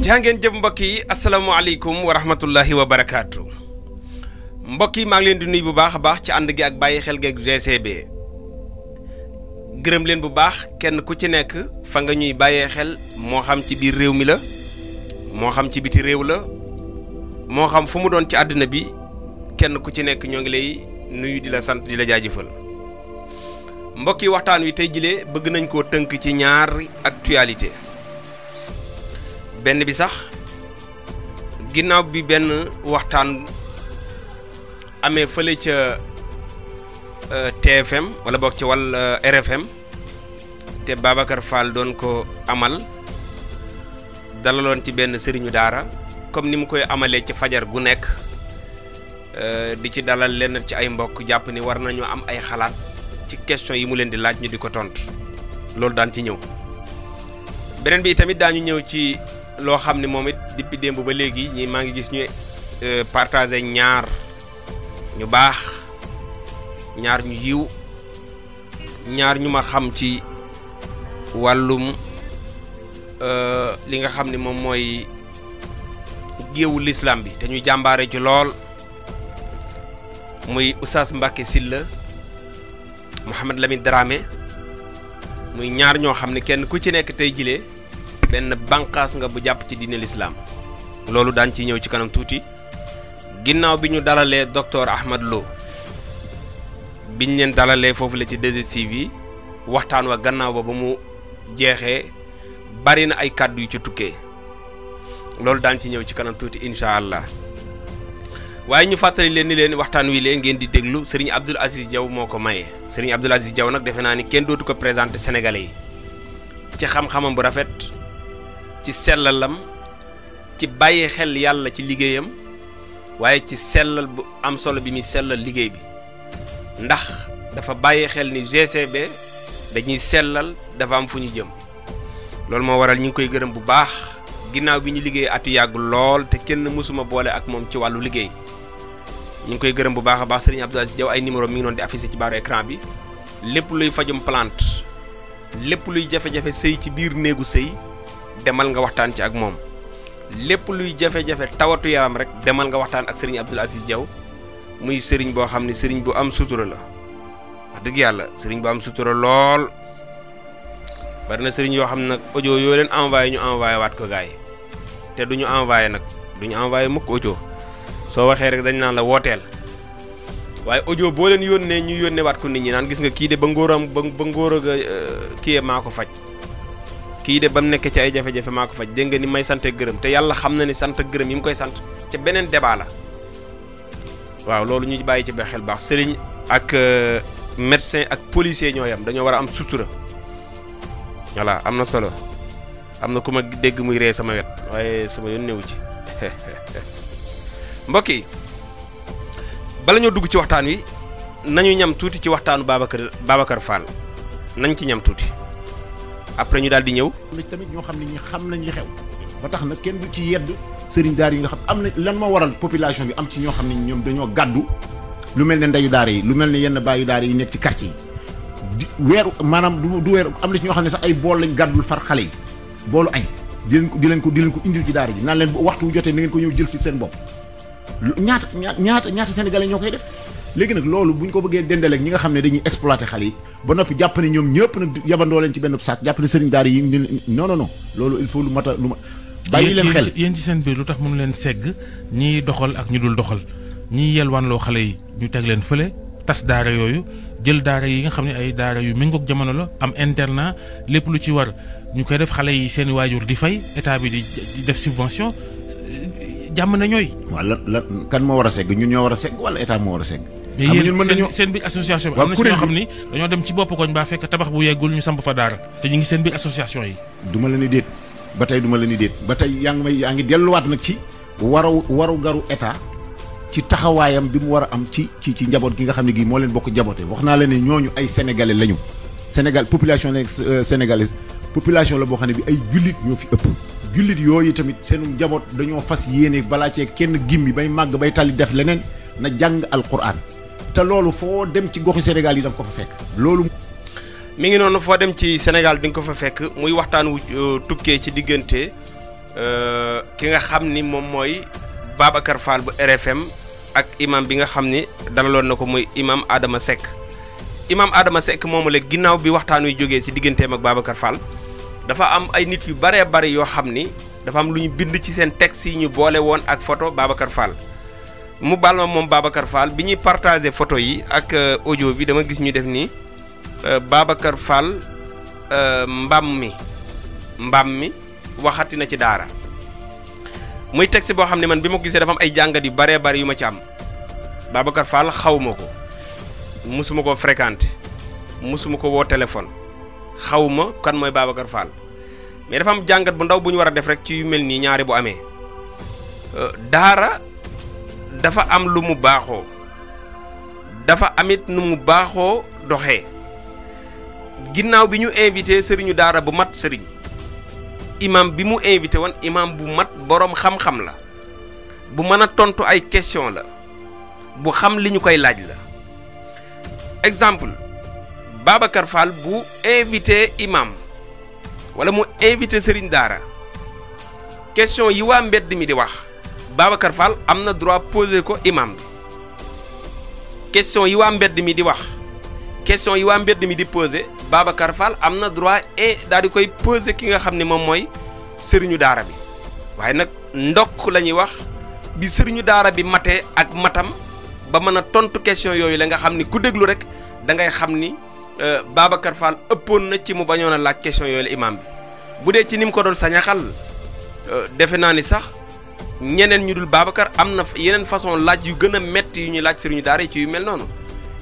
jaa ngeen jëf mbokk yi asalaamaaleykum wa rahmatullahi wa barakaatu mbokk yi maa ngi leen di nuyu bu baax a baax ci ànd gi ak bàyyi xel gi ak GCB gërëm leen bu baax kenn ku ci nekk fa nga ñuy bàyyee xel moo xam ci biir réew mi la moo xam ci biti réew la moo xam fu mu doon ci àddina bi kenn ku ci nekk ñoo ngi lay nuyu di la sant di la jaajëfal mbokk yi waxtaan wi tey jilee bëgg nañ koo tënk ci ñaar actualité benn bi sax ginnaaw bi benn waxtaan amee fële ca euh, TFM wala boog ci wàll euh, RFM te Babacar Fall doon ko amal dalaloon ci benn sëriñu daara comme ni mu koy amalee ci fajar gu nekk euh, di ci dalal lenn ci ay mbokk jàpp ni war nañu am ay xalaat ci question yi mu leen di laaj ñu di ko tontu loolu daan ci ñëw beneen bi tamit daañu ñëw ci. loo xam ne moom it depuis démb ba léegi ñi maa ngi gis ñu euh, partagé ñaar ñu baax ñaar ñu yiw ñaar ñu ma xam ci wàllum euh, li nga xam ne moom mooy géewu lislaam bi te ñu jàmbaare ci lool muy Oustaz Mbacke Sylla Mouhamed Lamine Dramé muy ñaar ñoo xam ne kenn ku ci nekk tey jile benn bànqaas nga bu jàpp ci diine lislaam loolu daan ci ñëw ci kanam tuuti ginnaaw bi ñu dalalee doctor Ahmad Lo biñ leen dalalee foofu la ci 2STV yi waxtaan wa gannaaw ba ba mu jeexee bari na ay kàddu yu ci tukkee loolu daan ci ñëw ci kanam tuuti incha allah waaye ñu fàttali leen ni leen waxtaan wi leen ngeen di déglu sëriñ Abdoul Aziz jaw moo ko maye Serigne Abdoul Aziz jaw nag defe naa ni kenn dootu ko présenté Sénégalais yi ci xam-xamam bu rafet. ci sellalam ci bàyyi xel yàlla ci liggéeyam waaye ci sellal bu am solo bi muy sellal liggéey bi ndax dafa bàyyi xel ni GCB dañuy sellal dafa am fu ñu jëm loolu moo waral ñu ngi koy gërëm bu baax ginnaaw bi ñu liggéey atu yàgg lool te kenn mësuma boole ak moom ci wàllu liggéey ñu ngi koy gërëm bu baax a baax sëriñ Abdou Aziz ay numéro mi ngi doon di affiché ci baaru écran bi lépp luy fajum plante lépp luy jafe-jafe sëy ci biir néegu sëy demal nga waxtaan ci ak moom lépp luy jafe-jafe tawatu yaram rek demal nga waxtaan ak sëriñ Abdoul Aziz jaw muy sëriñ boo xam ne sëriñ bu am sutura la wax dëgg yàlla sëriñ bu am sutura lool bari na sëriñ yoo xam ne nag audio yoo leen envoyé ñu envoyé waat ko gars te du ñu envoyé nag du ñu envoyé mukk ojo soo waxee rek dañ naa la wooteel waaye audio boo leen yónnee ñu yónnee waat ko nit ñi naan gis nga kii de ba ngóoram ba ba ngóor a euh, kii maa ko faj. lii de ba mu nekk ci ay jafe-jafe maa ko faj dégg nga ni may sante gërëm te yàlla xam na ne sant gërëm yi mu koy sant ca beneen débat la waaw loolu ñu bàyyi ci ba xel baax sëriñ ak euh, médecin ak policier ñoo yam dañoo war a am sutura voilà am na solo am na ku ma dégg muy ree sama wet waaye sama yoon newu ci mbokk yi bala ñoo dugg ci waxtaan wi nañu ñam tuuti ci waxtaanu Babacar Babacar Fall nañ ci ñam tuuti. après ñu daal di ñëw. tamit ñoo xam ne ñi xam nañ li xew ba tax na kenn du ci yedd sëriñ daar yi nga xam am na lan moo waral population bi am ci ñoo xam ne ñoom dañoo gàddu lu mel ne ndeyu daar yi lu mel ne yenn baayu daar yi nekk ci quartier yi weeru maanaam du du weeru am na ci ñoo xam ne sax ay bool lañ gàddul far xale yi boolu añ di leen ko di leen ko di leen ko indil ci daar yi naan leen waxtu jotee na ko ñëw jël si seen bopp ñaata ñaata ñaata sénégalais ñoo koy def léegi nag loolu bu ñu ko bëggee dendaleeg ñi nga xam ne dañuy exploiter xale yi ba noppi jàpp ñoom ñëpp nag yabandoo leen ci benn saak jàpp ne sëriñ daara yi non non loolu il faut lu mat lu ma bàyyi leen xel yéen ci seen biir lu tax mënu leen segg ñiy doxal ak ñu dul doxal ñii ñiy yelwaanloo xale yi ñu teg leen fële tas daara yooyu jël daara yi nga xam ne ay daara yu méngoog jamono la am internat lépp lu ci war ñu koy def xale yi seeni waajur di fay état bi di def subvention jàmm na ñooy. waaw lan lan kan moo war a segg ñun ñoo war a segg wala état moo war a segg mais mën seen seen biir association bi am na ci ñoo xam ni dañoo dem ci bopp koñ baa fekk tabax bu yeggul ñu samp fa daara te ñu ngi seen biir association yi duma leen di déet ba tey duma leen di déet ba tey yaa ngi may yaa ngi delluwaat nag ci waru waru garu état ci taxawaayam bi mu war a am ci ci ci njaboot gi nga xam ne gii moo leen bokk jaboote wax naa leen ne ñooñu ay sénégalais lañu sénégal population la euh, sénégalaise population la boo xam ne bi ay jullit ñoo fi ëpp jullit yooyu tamit seen njaboot dañoo fas yéene balaa cee kenn gimmi bay màgg bay tali def leneen na jàng alquran te loolu foo dem ci goxi Sénégal yi da ko fa fekk loolu. mi ngi noonu foo dem ci Sénégal di nga ko fa fekk muy waxtaan wu euh, tukkee ci diggante euh, ki nga xam ni moom mooy Babacar Fall bu RFM ak imam bi nga xam ni dalaloon na ko muy imam Adama Seck imam Adama sekk moomule ginnaaw bi waxtaan wi jógee si digganteem ak Babacar Fall dafa am ay nit yu baree bari yoo xam ni dafa am lu ñu bind ci seen texte yi ñu boole woon ak photo Babacar Fall. mu baal ma moom Babacar Fall bi ñuy partagé photo yi ak euh, audio bi dama gis ñu def nii euh, Babacar Fall euh, mbaam mi mbaam mi waxati na ci daara muy texte boo xam ne man bi ma ko gisee dafa am ay jàngat yu baree bari yu ma ci am Babacar Fall xaw ko mosuma ko fréquenté mosuma ko woo téléphone xaw kan mooy Babacar Fall mais dafa am jàngat bu ndaw bu ñu war a def rek ci yu mel nii ñaari bu amee daara. dafa am lu mu baaxoo dafa amit nu mu baaxoo doxee ginnaaw bi ñu invité sëriñu daara bu mat sëriñ imam bi mu invité woon imam bu mat boroom xam-xam la bu mën a tontu ay question la bu xam li ñu koy laaj la exemple Babacar Fall bu invité imam wala mu invité sëriñ daara question yi waa mbedd mi di wax Babacar Fall am na droit poser ko imam bi question yi waa mbedd mi di wax question yi waa mbedd mi di poser Babacar Fall am na droit et daal di koy poser ki nga xam ni moom mooy sëriñu daara bi waaye nag ndokk la ñuy wax bi sëriñu daara bi matee ak matam ba mën a tontu question yooyu la nga xam ni ku déglu rek da ngay xam ni euh, Babacar Fall ëppoon na ci mu bañoon a laaj question yooyu la imam bi bu dee ci ni mu ko doon sañaxal euh, defe naa ni sax. ñeneen ñu dul Babacar am na yeneen façon laaj yu gën a metti yu ñuy laaj sëriñu daara ci yu mel noonu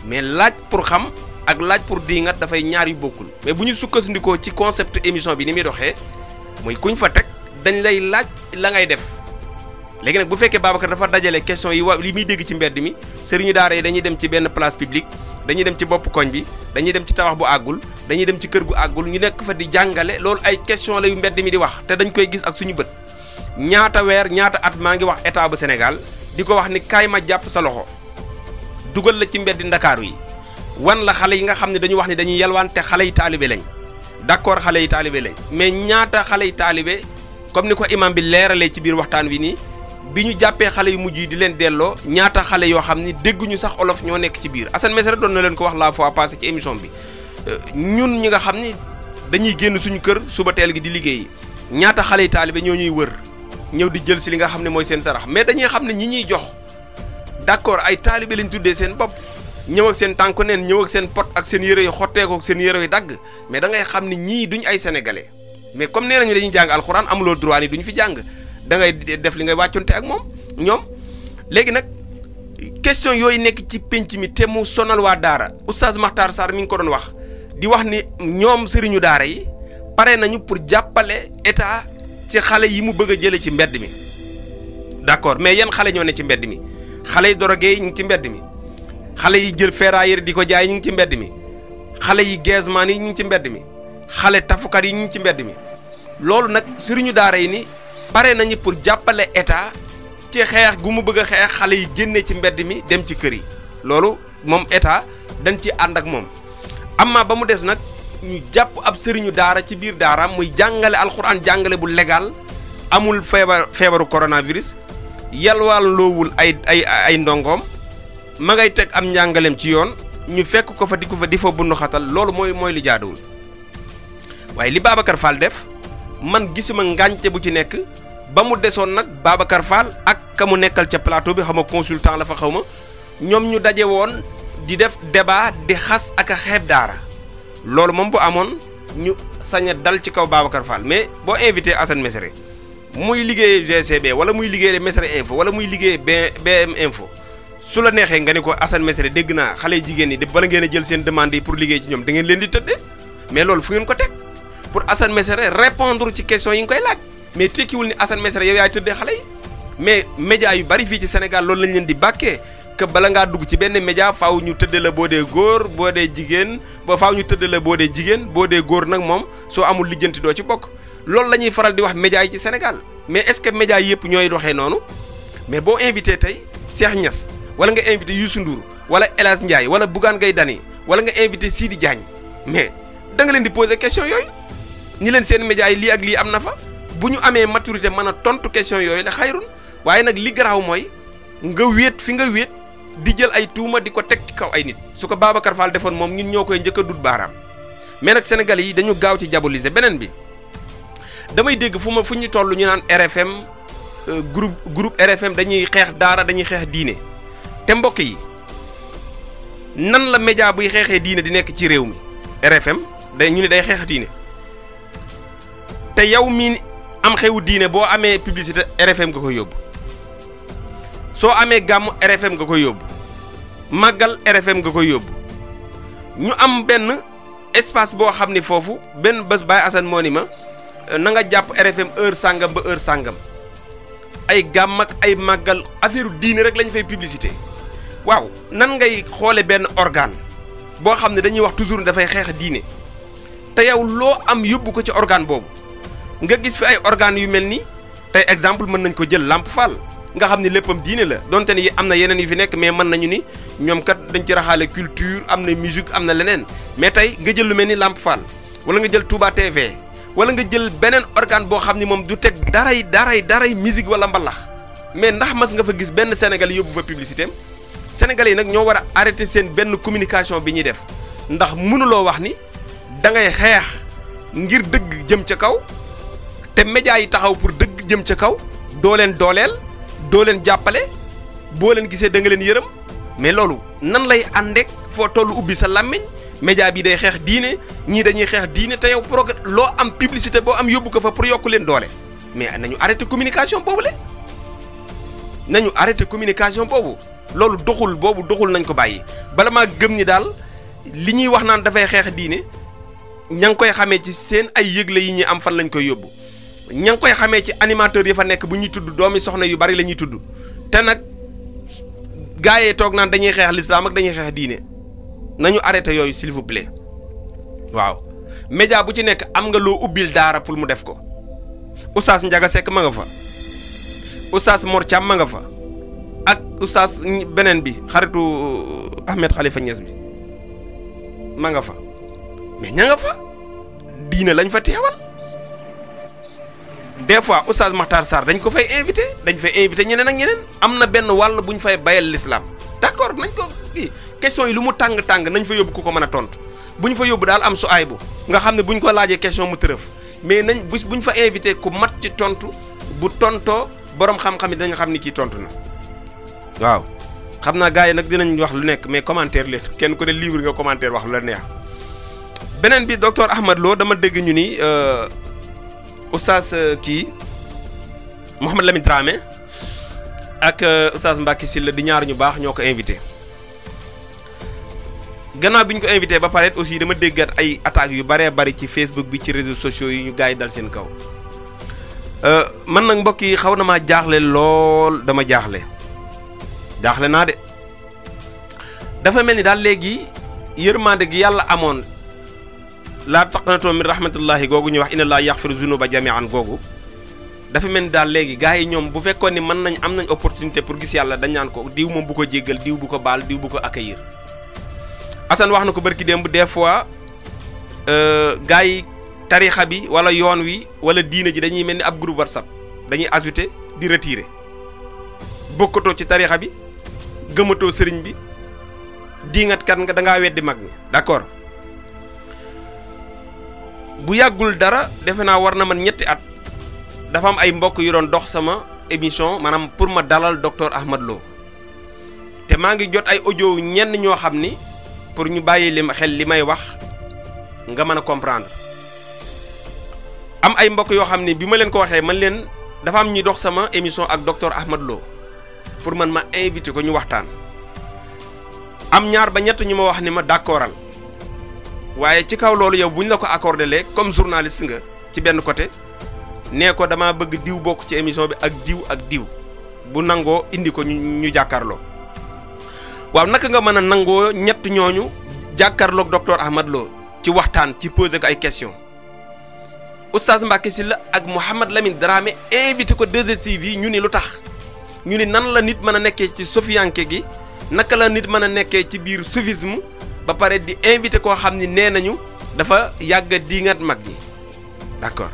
mais laaj pour xam ak laaj pour diingat dafay ñaar yu bokkul. mais bu ñu sukkandikoo ci concept émission bi ni muy doxee muy kuñ fa teg dañ lay laaj la ngay def léegi nag bu fekkee Babacar dafa dajale question yi wa li muy dégg ci mbedd mi sëriñu daara yi dañuy dem ci benn place publique dañuy dem ci bopp koñ bi dañuy dem ci tabax bu àggul dañuy dem ci kër gu àggul ñu nekk fa di jàngale loolu ay question la mbedd mi di wax te dañ koy gis ak suñu bët. ñaata weer ñaata at maa ngi wax état bu Sénégal di ko wax ni kaay ma jàpp sa loxo dugal la ci mbeddi ndakaaru yi wan la xale yi nga xam ne dañu wax ne dañuy yalwaan te xale yi taalibe lañ d'accord xale yi taalibe lañ mais ñaata xale yi taalibe comme ni ko imam bi leeralee ci biir waxtaan wi nii bi ñu jàppee xale yu mujj yi di leen delloo ñaata xale yoo xam ni dégguñu sax olof ñoo nekk ci biir Assane Mesere doon na leen ko wax la fois passée ci émission bi euh, ñun ñi nga xam ni dañuy génn suñu kër suba teel gi di liggéey ñaata xale yi taalibe ñoo ñuy wër ñëw di jël si li nga xam ne mooy seen sarax mais dañuy xam ne ñi ñuy jox d'accord ay taalibe lañ tuddee seen bopp ñëw ak seen tànku neen ñëw ak seen pot ak seen yére yu xotteeku ak seen yére yu dagg mais da ngay xam ne ñii duñ ay sénégalais mais comme nee nañu dañuy jàng alxuraan amuloo droit ni duñ fi jàng dangay ngay def li ngay wàcconte ak moom ñoom léegi nag question yooyu nekk ci pénc mi te mu sonal waa daara oustaz Makhtar Sarr mi ngi ko doon wax di wax ni ñoom sëriñu daara yi pare nañu pour jàppale état ci xale yi mu bëgg a jële ci mbedd mi d'accord mais yan xale ñoo ne ci mbedd mi xale yi drogué yi ñu ngi ci mbedd mi xale yi jël ferrailleur di ko jaay ñu ngi ci mbedd mi xale yi gazman yi ñu ngi ci mbedd mi xale tafukat yi ñu ngi ci mbedd mi loolu nag sëriñu daara yi ni pare nañu pour jàppale état ci xeex gu mu bëgg a xeex xale yi génne ci mbedd mi dem ci kër yi loolu moom état dañ ci ànd ak moom amma ba mu des nag ñu jàpp ab sëriñu daara ci biir daaraam muy jàngale alxuraan jàngale bu légal amul feebar feebaru coronavirus yalwaan loowul ay ay ay ndongoom ma ngay teg am njàngaleem ci yoon ñu fekk ko fa di ko fa di fa bundu xatal loolu mooy mooy li jaaduwul waaye li Babacar Fall def man gisuma ngànce bu ci nekk ba mu desoon nag Babacar Fall ak a mu nekkal ca plateau bi xama consultant la fa xawma ñoom ñu daje woon di def débat di xas ak a xeeb daara loolu moom bu amoon ñu sañ dal ci kaw Babacar Fall mais boo invité Assane Mesere muy liggéey GCB wala muy liggéey Mesere info wala muy liggéey BM info su la neexee nga ne ko Assane Mesere dégg naa xale jigéen ñi de bala ngeen jël seen demande yi pour liggéey ci ñoom da ngeen leen di tëddee mais loolu fu ngeen ko teg pour Assane Mesere répondre ci question yi nga koy laaj mais tekkiwul ni Assane Mesere yow yaay tëddee xale yi mais média yu bari fii ci Sénégal loolu lañ leen di bàkkee que bala ngaa dugg ci benn média faaw ñu tëdd la boo dee góor boo dee jigéen ba faw ñu tëddee la boo dee jigéen boo dee góor nag moom soo amul lijjanti doo ci bokk loolu la ñuy faral di wax média yi ci Sénégal mais est-ce que média yëpp ñooy doxee noonu mais boo invité tey Cheikh ñas wala nga invité Youssou Ndour wala El Hadj Ndiaye wala Bougane Gueye Dany wala nga invité Sidi Diagne mais da nga leen di poser question yooyu ñi leen seen média yi lii ak lii am na fa bu ñu amee maturité mën a tontu question yooyu la xayrun waaye nag li garaaw mooy nga wéet fi nga wéet di jël ay tuuma di ko teg ci kaw ay nit su ko Babacar defoon moom ñun ñoo koy njëkk a dut baaraam mais nag Sénégalais yi dañu gaaw ci diaboliser beneen bi damay dégg fu ma fu ñu toll ñu naan RFM euh, groupe RFM dañuy xeex daara dañuy xeex diine te mbokk yi nan la média buy xeexee diine di nekk ci réew mi RFM day ñu ne day xeex diine te yow mii am xewu diine boo amee publicité RFM nga ko yóbbu soo amee gàmm RFM nga koy yóbbu màggal RFM nga koy yóbbu ñu am benn espace boo xam ni foofu benn bés baay Assane moo ni ma euh, na nga jàpp RFM heure sàngam ba heure sàngam ay gàmm ak ay màggal affaire diine rek lañ fay publicité waaw nan ngay xoole benn organe boo xam ne dañuy wax toujours dafay xeex diine te yow loo am yóbbu ko ci organe boobu nga gis fi ay organes yu mel ni tey exemple mën nañ ko jël Lamp Fall nga xam ni léppam diine la donte yi am na yeneen yu fi nekk mais mën nañu ni ñoom kat dañ ci raxaale culture am na musique am na leneen mais tey nga jël lu mel ni làmp Fall wala nga jël Touba TV wala nga jël beneen organe boo xam ni moom du teg daray daray daray musique wala mbalax mais ndax mas nga fa gis benn Sénégal yóbbu fa publicité am Sénégalais yi nag ñoo war a arrêté seen benn communication bi ñuy def ndax mënuloo wax ni da ngay xeex ngir dëgg jëm ca kaw te médias yi taxaw pour dëgg jëm ca kaw dooleen dooleel doo leen jàppale boo leen gisee da nga leen yërëm mais loolu nan lay àndeek foo toll ubbi sa làmmiñ média bi day xeex diine ñii dañuy xeex diine te yow pro loo am publicité boo am yóbbu ko fa pour yokk leen doole mais nañu arrêté communication boobu le nañu arrêté communication boobu loolu doxul boobu doxul nañ ko bàyyi bala maa gëm ñi daal li ñuy wax naan dafay xeex diine ña ngi koy xamee ci seen ay yëgle yi ñuy am fan lañ koy yóbbu. ña koy xamee ci animateurs yi fa nekk bu ñuy tudd doomi soxna yu bari la ñuy tudd te nag gars yi toog naan dañuy xeex lislaam ak dañuy xeex diine nañu arrêté yooyu s'il vous plaît waaw média bu ci nekk am nga loo ubbil daara pour mu def ko oustaz Ndiaga Seck ma nga fa oustaz Mor Thiam ma nga fa ak oustaz beneen bi xaritu euh, Ahmed Khalifa Niass bi ma fa mais ña fa diine lañ fa teewal. des fois oustaz Makhtar dañ ko fay invité dañ fay invité ñeneen ak ñeneen am na benn wàll bu ñu fay bayal l'islam d'accord nañ ko kii question yi lu mu tàng tàng nañ fa yóbbu ku ko mën a tontu bu ñu fa yóbbu daal am su ay bu nga xam ne buñ ko laajee question mu tërëf mais nañ bu bu fa invité ku mat ci tontu bu tontoo borom xam-xam yi dañ xam ni kii tontu na waaw. xam naa gars yi nag dinañ wax lu nekk mais commentaire leen kenn ku ne livre nga commentaire wax la neex beneen bi docteur Ahmad Lo dama dégg ñu ni. Euh, oustaz euh, kii Mouhamed Lamine Dramé ak euh, oustaz Mbacke Sylla di ñaar ñu baax ñoo ko invité gannaaw bi ñu ko invité ba pare aussi dama déggat ay attaques yu baree bari ci Facebook bi ci réseaux sociaux yi ñu gars dal seen kaw euh, mën nag mbokk yi xaw na maa jaaxle lool dama jaaxle jaaxle naa de dafa mel ni daal léegi yërmande gi yàlla amoon. laa taqnatoo min rahmatullahi googu ñuy wax inna laa yaxfiru zunuba jamian googu dafa mel ni daal léegi gars yi ñoom bu fekkoon ni mën nañ am nañ opportunité pour gis yàlla dañ naan ko diw moom bu ko jéggal diw bu ko baal diw bu ko accueillir Assane wax na ko barki démb des fois euh, gars yi tarixa bi wala yoon wi wala diine ji dañuy mel ni ab groupe whatsapp dañuy ajouté di retiré bokkatoo ci tarixa bi gëmatoo sëriñ bi diingatkat nga dangaa weddi mag mi d'accord bu yàggul dara defe naa war na man ñetti at dafa am ay mbokk yu doon dox sama émission maanaam pour ma dalal docteur Ahmad Lo te maa ngi jot ay audio ñenn ñoo xam ni pour ñu bàyyi li ma xel li may wax nga mën a comprendre am ay mbokk yoo xam ni bi ma leen ko waxee mën leen dafa am ñuy dox sama émission ak docteur Ahmad Lo pour mën ma invité ko ñu waxtaan am ñaar ba ñett ñu ma wax ni ma d'accordal waaye ci kaw loolu yow bu ñu la ko accordé lee comme journaliste nga ci benn côté nee ko dama bëgg diw bokk ci émission bi ak diw ak diw bu nangoo indi ko ñu jàkkaarloo waaw naka nga mën a nangoo ñett ñooñu jàkkaarloog docteur Ahmad Lo ci waxtaan ci poser ko ay question oustaz Mbacké Sylla ak Mouhamed Lamine Dramé invité ko 2STV yi ñu ni lu tax ñu ni nan la nit mën a nekkee ci sofiyanke gi naka la nit mën a nekkee ci biir soufisme ba pare di invité koo xam ni nee nañu dafa yàgg diingat mag ñi d'accord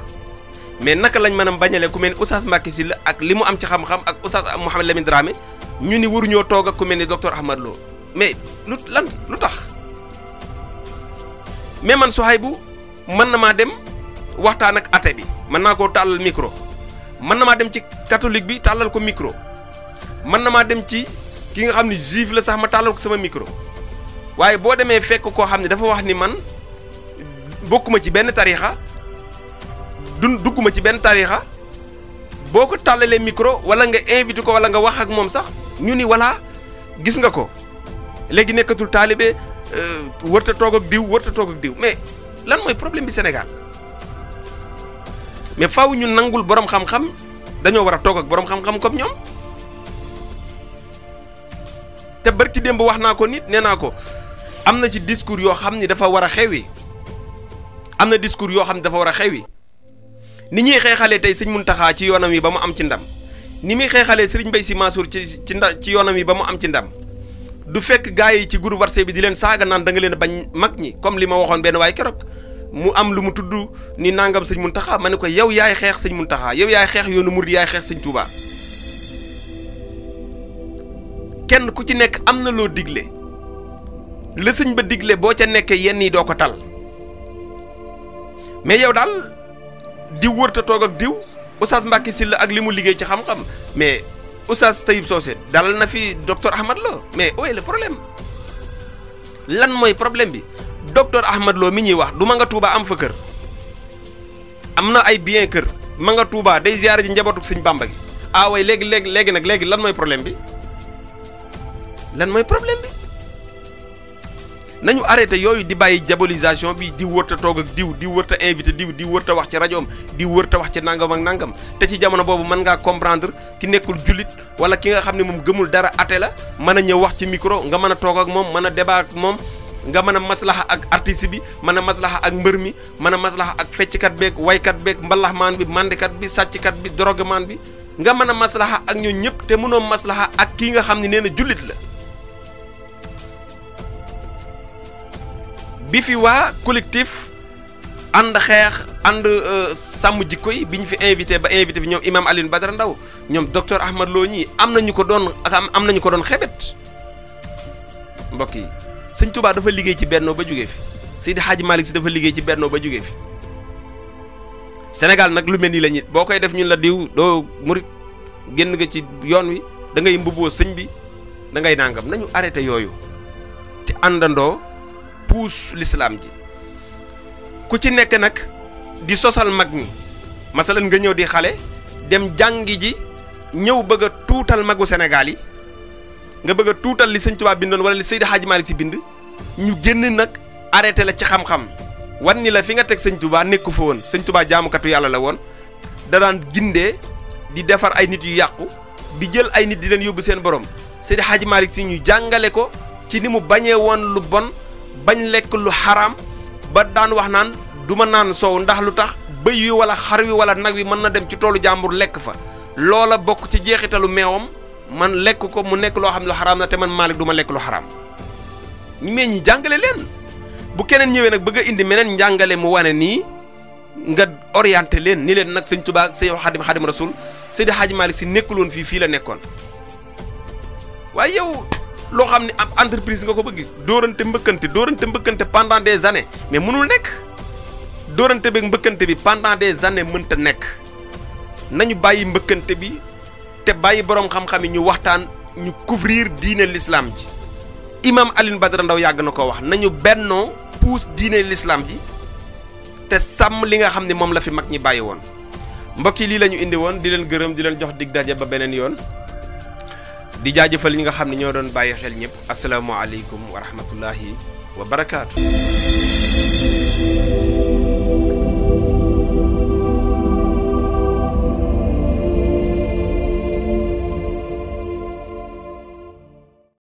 mais naka lañu mën a bañalee ku mel ni Oustaz Mbacké Sylla ak li mu am ci xam-xam ak Oustaz Mouhamed Lamine Dramé ñu ni waruñoo toog ak ku mel ni docteur Ahmad Lo mais lu lan lu tax mais man bu mën na maa dem waxtaan ak athée bi mën naa koo tàllal micro mën na maa dem ci catholique bi tàllal ko micro mën na maa dem ci ki nga xam ni juif la sax ma tàllal ko sama micro waaye boo demee fekk koo xam ne dafa wax ni man bokkuma ci benn tariixa du dugguma ci benn tariixa boo ko tàllalee micro wala nga invité ko wala nga wax ak moom sax ñu ni wala gis nga ko léegi nekkatul taalibe euh, wërta toog ak diw wërta toog diw mais lan mooy problème bi Sénégal mais faw ñu nangul boroom xam-xam dañoo war a toog ak borom xam-xam comme ñoom te barki démb wax naa ko nit nee naa ko. am na ci discours yoo xam ni dafa war a xewi am na discours yoo xam ni dafa war a xewi ni ñuy xeexalee tey sëñ mun taxaa ci yoonam wi ba mu am ci ndam ni muy xeexalee sëriñ Mbay Si Mansour ci ci nda ci yoonam yi ba mu am ci ndam du fekk gaa yi ci groupe WhatsApp bi di leen saaga naan da nga leen bañ mag ñi comme li ma waxoon benn waaye keroog mu am lu mu tudd ni nangam sëñ mun Muntaxa ma ne ko yow yaay xeex sëñ mun taxaa yow yaay xeex yoonu murid yaay xeex sëñ Touba kenn ku ci nekk am na loo digle la sëñ ba digle boo ca nekkee yenn yi doo ko tal mais yow daal diw wërta toog ak diw Oustaz Mbacke Sylla ak li mu liggéey ci xam-xam mais Oustaz Taïb Socé dalal na fi docteur Ahmad Lo mais où est le problème lan mooy problème bi docteur Ahmad Lo mi ñuy wax du ma nga Touba am fa kër am na ay bien kër ma nga Touba day ziare ji njabootu sëñ Bàmba gi ah way léegi léegi léegi nag léegi lan mooy problème bi lan mooy problème bi. nañu arrêté yooyu di bàyyi diabolisation bi di wër toog ak diw di wër invité diw di wër ta wax ci rajoom di wër ta wax ci nangam ak nangam te ci jamono boobu mën ngaa comprendre ki nekkul jullit wala ki nga xam ne moom gëmul dara ate la mën a ñëw wax ci micro nga mën a toog ak moom mën a débat moom nga mën a maslaxa ak artiste bi mën a maslaxa ak mbër mi mën a maslaxa ak fecckat beeg waykat beeg mbalaxmaan bi mandikat bi sàcckat bi droguemaan bi nga mën a maslaxa ak ñoo ñëpp te mënoo maslaxa ak kii nga xam ne nee na jullit la bi fi waa collectif ànd xeex ànd euh, sàmm jikko yi bi ñu fi invité ba invité bi ñoom imam Alioune Badara Ndaw ñoom docteur Ahmad loo ñii am nañu ko doon am nañu ko doon xebet mbokk yi sëñ Touba dafa liggéey ci bennoo ba jógee fi Seydi Hadji Malick si dafa liggéey ci bennoo ba jógee fi nag lu mel nii la boo koy def ñu la diw doo murit génn nga ci yoon wi da ngay mbubboo sëñ bi da ngay nàngam nañu arrêté yooyu te àndandoo puus lislaam ku ci nekk nag di sosal mag ñi masalan nga ñëw di xale dem jàngi ji ñëw bëgg a tuutal magu Sénégal yi nga bëgg a tuutal li sëñ Tuubaa bindoon wala li Seydi Hadji Malick si bind ñu génn nag arrêté la ci xam-xam wan ni la fi nga teg sëñ tubaa nekku fa woon sëñ Tuubaa jaamukatu yàlla la woon da daan gindee di defar ay nit yu yàqu bi jël ay nit di leen yóbbu seen borom Seydi Hadji Malick si ñu jàngale ko ci ni mu bañee woon lu bon bañ lekk lu xaraam ba daan wax naan du ma naan soow ndax lu tax bëy wi wala xar wi wala nag wi mën na dem ci toolu jàmbur lekk fa loola bokk ci jeexitalu meewam man lekk ko mu nekk loo xam ne lu xaraam la te man Malick duma lekk lu xaraam mais ñi jàngale leen bu keneen ñëwee nag bëgg a indi meneen njàngale mu wane nii nga orienté leen ni leen nag sëñ Tuubaa sëñ Xaadim Xaadim Rasul Seydi Xaaji Malick si nekkuloon fii fii la nekkoon waaye yow loo xam ne am entreprise nga ko ba gis dóorante mbëkkante dóorante mbëkkante pendant des années mais mënul nekk dóorante beeg mbëkkante bi pendant des années mënta nekk nañu bàyyi mbëkkante bi te bàyyi boroom xam-xam yi ñu waxtaan ñu couvrir diine l'islam ji imam Alioune Badara ndaw yàgg na ko wax nañu bennoo puus diine l'islam ji te sàmm li nga xam ni moom la fi mag ñi bàyyi woon mbokk lii la ñu indi woon di leen gërëm di leen jox dig daje ba beneen yoon di jaajëfal ñi nga xam ne ñoo doon bàyyi xel ñëpp asalaamaaleykum wa rahmatullahi wa barakaatu.